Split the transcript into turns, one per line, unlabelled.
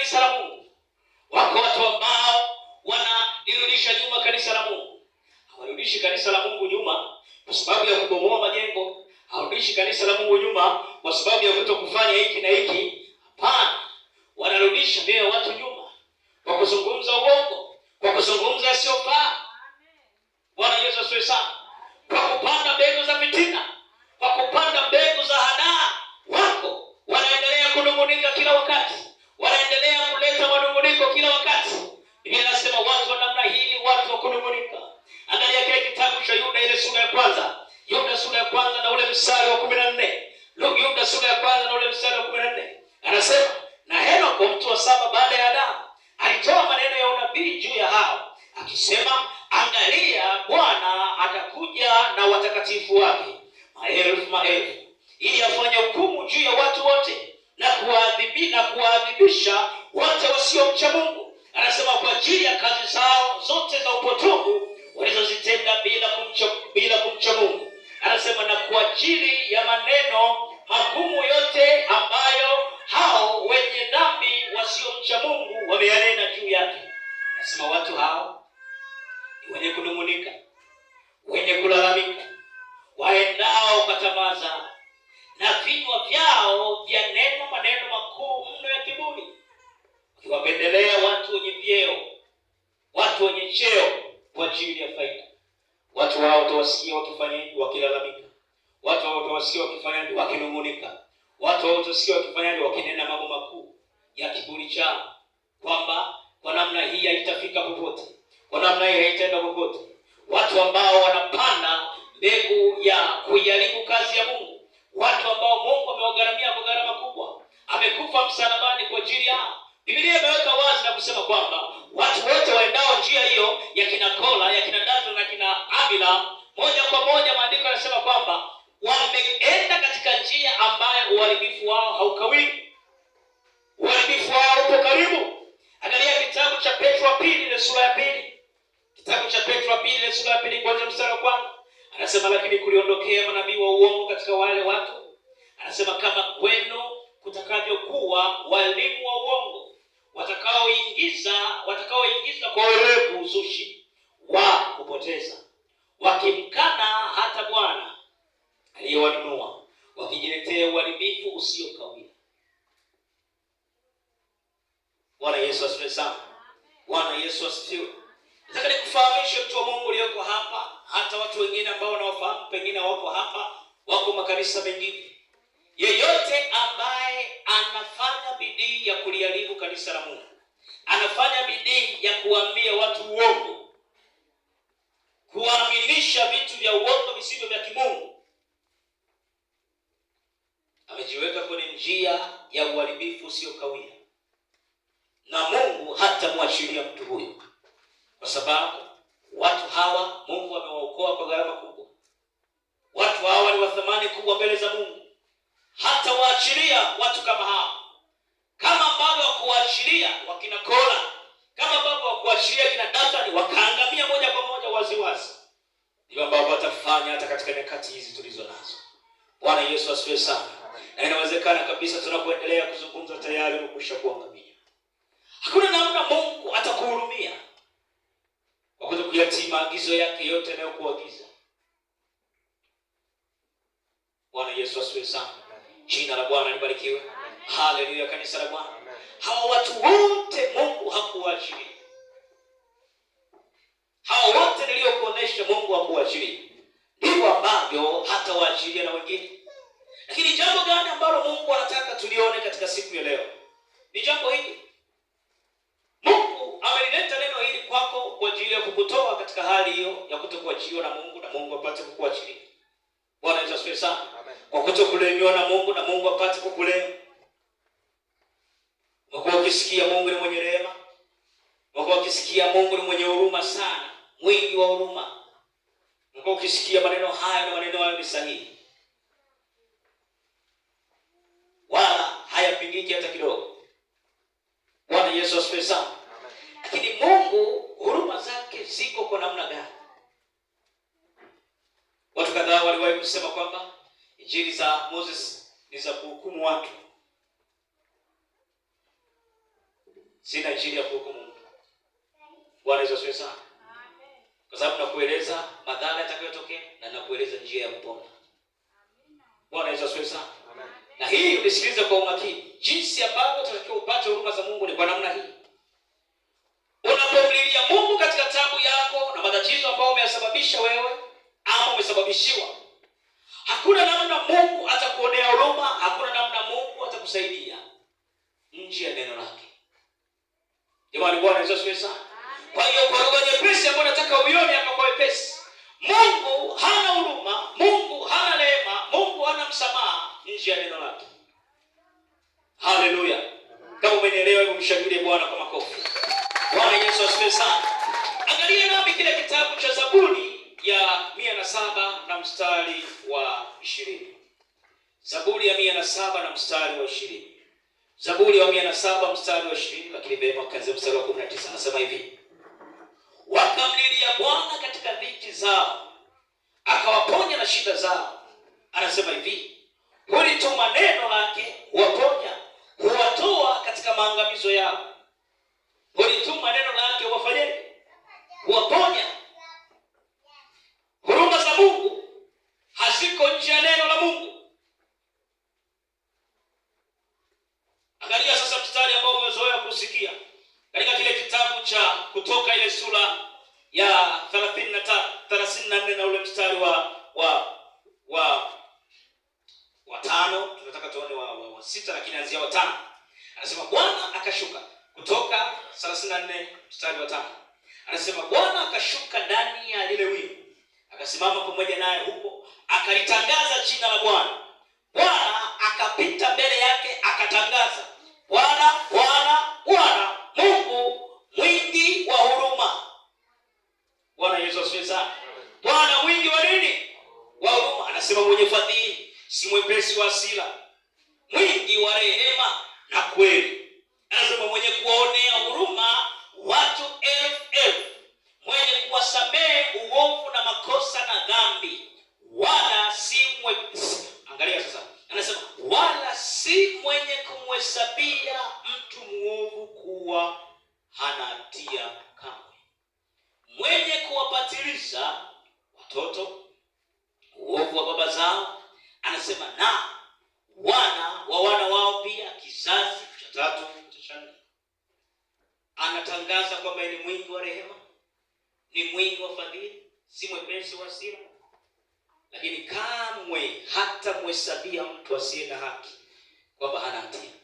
kanisa la Mungu. Wako watu ambao wanalirudisha nyuma kanisa la Mungu, hawarudishi kanisa la Mungu nyuma kwa sababu ya kubomoa majengo, hawarudishi kanisa la Mungu nyuma kwa sababu ya kutokufanya hiki na hiki. Hapana. saba baada ya Adamu, alitoa maneno ya unabii juu ya hao akisema, angalia, Bwana atakuja na watakatifu wake maelfu maelfu, ili afanye hukumu juu ya watu wote na kuwaadhibi na kuwaadhibisha wote wasiomcha Mungu. Anasema kwa ajili ya kazi zao zote za upotovu walizozitenda bila kumcha bila kumcha Mungu. Anasema na kwa ajili ya maneno magumu yote ambayo hao wenye dhambi cha Mungu wameyanena juu yake. Nasema watu hao ni wenye kunung'unika, wenye kulalamika, waendao kwa tamaa zao, na vinywa vyao vyanena maneno makuu mno ya kiburi, wakiwapendelea watu wenye vyeo, watu wenye cheo kwa ajili ya faida. Watu hao utawasikia wakifanya wakilalamika. Watu hao utawasikia wakifanya wakinung'unika. Watu hao utasikia wakifanya wakinena mambo makuu kivuli chao, kwamba kwa namna hii haitafika popote, kwa namna hii haitaenda popote. Watu ambao wanapanda mbegu ya kuijaribu kazi ya Mungu, watu ambao Mungu amewagharamia kwa gharama kubwa, amekufa msalabani kwa ajili yao. Biblia imeweka wazi na kusema kwamba watu wote waendao njia hiyo ya kina Kola, ya kina Datan na kina Abila, moja kwa moja maandiko yanasema kwamba wameenda katika njia ambayo uharibifu wao haukawii. sura ya pili, kitabu cha Petro pili ile sura ya pili kwanza mstari wa kwanza anasema, lakini kuliondokea manabii wa uongo katika wale watu, anasema kama kwenu kutakavyokuwa walimu wa uongo watakaoingiza watakaoingiza kwa werevu uzushi wa kupoteza, wakimkana hata Bwana aliyewanunua, wakijiletea uharibifu usiokawia. Bwana Yesu asifiwe sana. Bwana Yesu asifiwe. Nataka nikufahamishe mtu wa Mungu ulioko hapa, hata watu wengine ambao wanaofahamu pengine wako hapa, wako makanisa mengine. Yeyote ambaye anafanya bidii ya kuliharibu kanisa la Mungu, anafanya bidii ya kuambia watu uongo, kuaminisha vitu vya uongo visivyo vya kimungu, amejiweka kwenye njia ya uharibifu usio na Mungu hatamwashiria mtu huyo, kwa sababu watu hawa Mungu amewaokoa kwa gharama kubwa. Watu hawa ni wa thamani kubwa mbele za Mungu, hata watu kama hawa, kama ambavyo wakuwaachilia wakina Kola, kama ambavyo wakuwaachilia kina Datani, wakaangamia moja kwa moja waziwazi, Ndio ambavyo watafanya hata katika nyakati hizi tulizo nazo. Bwana Yesu asifiwe sana, na inawezekana kabisa tunapoendelea kuzungumza tayari umekwisha kuangamia hakuna namna Mungu atakuhurumia kwa kuyatii maagizo yake yote anayokuagiza. Bwana Yesu asiwe sana. Jina la Bwana libarikiwe. Haleluya, kanisa la Bwana. Hawa watu wote Mungu hakuwaachilia. Hawa wote niliyokuonesha, Mungu hakuwaachilia, ndivo ambavyo hatawaachilia na wengine. Lakini jambo gani ambalo Mungu anataka tulione katika siku ya leo? kuachiliwa na Mungu na Mungu apate kukuachilia. Bwana Yesu asifiwe sana. Amen. Kwa kutokulemewa na Mungu na Mungu apate kukulea. Umekuwa ukisikia Mungu ni mwenye rehema. Umekuwa ukisikia Mungu ni mwenye huruma sana, mwingi wa huruma. Umekuwa ukisikia maneno haya na maneno hayo ni sahihi. Wala hayapingiki hata kidogo. Bwana Yesu asifiwe sana. Lakini Mungu huruma zake ziko kwa namna gani? Watu kadhaa waliwahi kusema kwamba injili za Moses ni za kuhukumu watu. Sina injili ya kuhukumu mtu. Bwana Yesu asifiwe sana. Kwa sababu nakueleza madhara yatakayotokea na nakueleza njia ya kupona. Bwana Yesu asifiwe sana. Na hii unisikilize kwa umakini. Jinsi ambavyo tunatakiwa upate huruma za Mungu ni kwa namna utatumishiwa. Hakuna namna Mungu atakuonea huruma, hakuna namna Mungu atakusaidia nje ya neno lake. Jamani, Bwana Yesu asifiwe sana. Kwa hiyo kwa lugha nyepesi ambayo nataka uione hapa kwa wepesi, Mungu hana huruma, Mungu hana neema, Mungu hana msamaha nje ya neno lake. Haleluya! Kama umenielewa hivyo, mshangilie Bwana kwa makofi. Bwana Yesu asifiwe sana. Angalia nami kile kitabu cha Zaburi ya mia na saba na mstari wa ishirini. Zaburi ya mia na saba na mstari wa ishirini. Zaburi ya mia na saba mstari wa ishirini, lakini vyema kaanzia mstari wa kumi na tisa anasema hivi: wakamlilia Bwana katika dhiki zao, akawaponya na shida zao. Anasema hivi, hulituma neno lake huwaponya, huwatoa katika maangamizo yao. Hulituma neno lake wafanyeni, Huwaponya kusikia katika kile kitabu cha Kutoka ile sura ya 33 34 na ule mstari wa wa wa tano tunataka tuone wa, wa, wa sita lakini anzia tano anasema Bwana akashuka. Kutoka 34 mstari wa tano anasema Bwana akashuka ndani ya lile wingu, akasimama pamoja naye huko, akalitangaza jina la Bwana. Bwana akapita mbele yake, akatangaza Bwana mtu mwovu kuwa hana hatia kamwe, mwenye kuwapatilisha watoto uovu wa baba zao, anasema na wana wa wana wao pia, kizazi cha tatu cha nne. Anatangaza kwamba ni mwingi wa rehema, ni mwingi wa fadhili, si mwepesi wa hasira, lakini kamwe hata mhesabia mtu asiye na haki kwamba hana hatia.